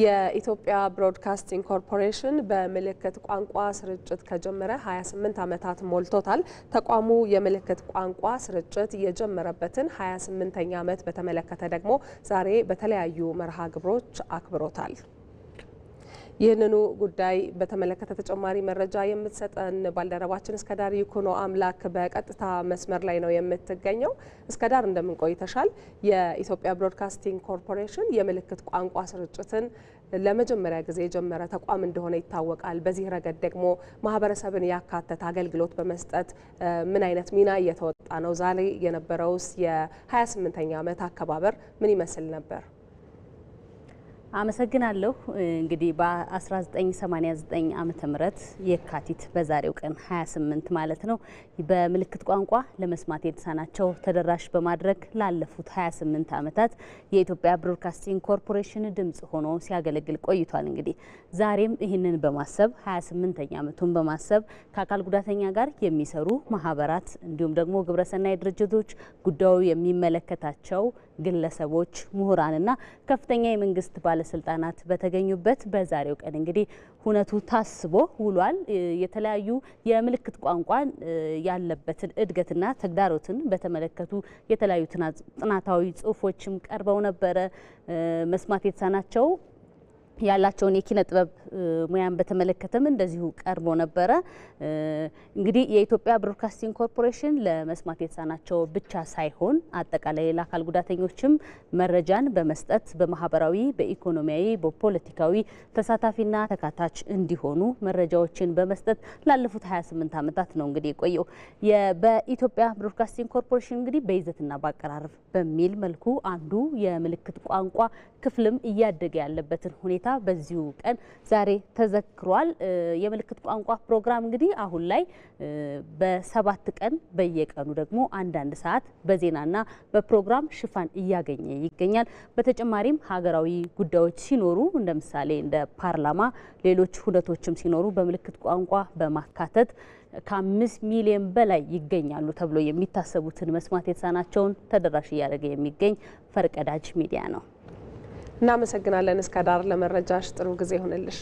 የኢትዮጵያ ብሮድካስቲንግ ኮርፖሬሽን በምልክት ቋንቋ ስርጭት ከጀመረ 28 ዓመታት ሞልቶታል። ተቋሙ የምልክት ቋንቋ ስርጭት የጀመረበትን 28ኛ ዓመት በተመለከተ ደግሞ ዛሬ በተለያዩ መርሃ ግብሮች አክብሮታል። ይህንኑ ጉዳይ በተመለከተ ተጨማሪ መረጃ የምትሰጠን ባልደረባችን እስከዳር ይኩኖ አምላክ በቀጥታ መስመር ላይ ነው የምትገኘው። እስከዳር እንደምን ቆይተሻል? የኢትዮጵያ ብሮድካስቲንግ ኮርፖሬሽን የምልክት ቋንቋ ስርጭትን ለመጀመሪያ ጊዜ የጀመረ ተቋም እንደሆነ ይታወቃል። በዚህ ረገድ ደግሞ ማህበረሰብን ያካተተ አገልግሎት በመስጠት ምን አይነት ሚና እየተወጣ ነው? ዛሬ የነበረውስ የ28ኛ ዓመት አከባበር ምን ይመስል ነበር? አመሰግናለሁ። እንግዲህ በ1989 ዓመተ ምህረት የካቲት በዛሬው ቀን 28 ማለት ነው በምልክት ቋንቋ ለመስማት የተሳናቸው ተደራሽ በማድረግ ላለፉት 28 ዓመታት የኢትዮጵያ ብሮድካስቲንግ ኮርፖሬሽን ድምጽ ሆኖ ሲያገለግል ቆይቷል። እንግዲህ ዛሬም ይህንን በማሰብ 28ኛ ዓመቱን በማሰብ ከአካል ጉዳተኛ ጋር የሚሰሩ ማህበራት እንዲሁም ደግሞ ግብረሰናይ ድርጅቶች ጉዳዩ የሚመለከታቸው ግለሰቦች፣ ምሁራንና ከፍተኛ የመንግስት ባለ ባለስልጣናት በተገኙበት በዛሬው ቀን እንግዲህ ሁነቱ ታስቦ ውሏል። የተለያዩ የምልክት ቋንቋን ያለበትን እድገትና ተግዳሮትን በተመለከቱ የተለያዩ ጥናታዊ ጽሁፎችም ቀርበው ነበረ መስማት የተሳናቸው ያላቸውን የኪነ ጥበብ ሙያን በተመለከተም እንደዚሁ ቀርቦ ነበረ። እንግዲህ የኢትዮጵያ ብሮድካስቲንግ ኮርፖሬሽን ለመስማት የተሳናቸው ብቻ ሳይሆን አጠቃላይ ለአካል ጉዳተኞችም መረጃን በመስጠት በማህበራዊ፣ በኢኮኖሚያዊ፣ በፖለቲካዊ ተሳታፊና ተካታች እንዲሆኑ መረጃዎችን በመስጠት ላለፉት 28 ዓመታት ነው እንግዲህ የቆየው። በኢትዮጵያ ብሮድካስቲንግ ኮርፖሬሽን እንግዲህ በይዘትና በአቀራረብ በሚል መልኩ አንዱ የምልክት ቋንቋ ክፍልም እያደገ ያለበትን ሁኔታ ሁኔታ በዚሁ ቀን ዛሬ ተዘክሯል። የምልክት ቋንቋ ፕሮግራም እንግዲህ አሁን ላይ በሰባት ቀን በየቀኑ ደግሞ አንዳንድ ሰዓት በዜናና በፕሮግራም ሽፋን እያገኘ ይገኛል። በተጨማሪም ሀገራዊ ጉዳዮች ሲኖሩ እንደ ምሳሌ እንደ ፓርላማ፣ ሌሎች ሁነቶችም ሲኖሩ በምልክት ቋንቋ በማካተት ከአምስት ሚሊዮን በላይ ይገኛሉ ተብሎ የሚታሰቡትን መስማት የተሳናቸውን ተደራሽ እያደረገ የሚገኝ ፈርቀዳጅ ሚዲያ ነው። እናመሰግናለን። እስከ ዳር ለመረጃሽ ጥሩ ጊዜ ይሆንልሽ።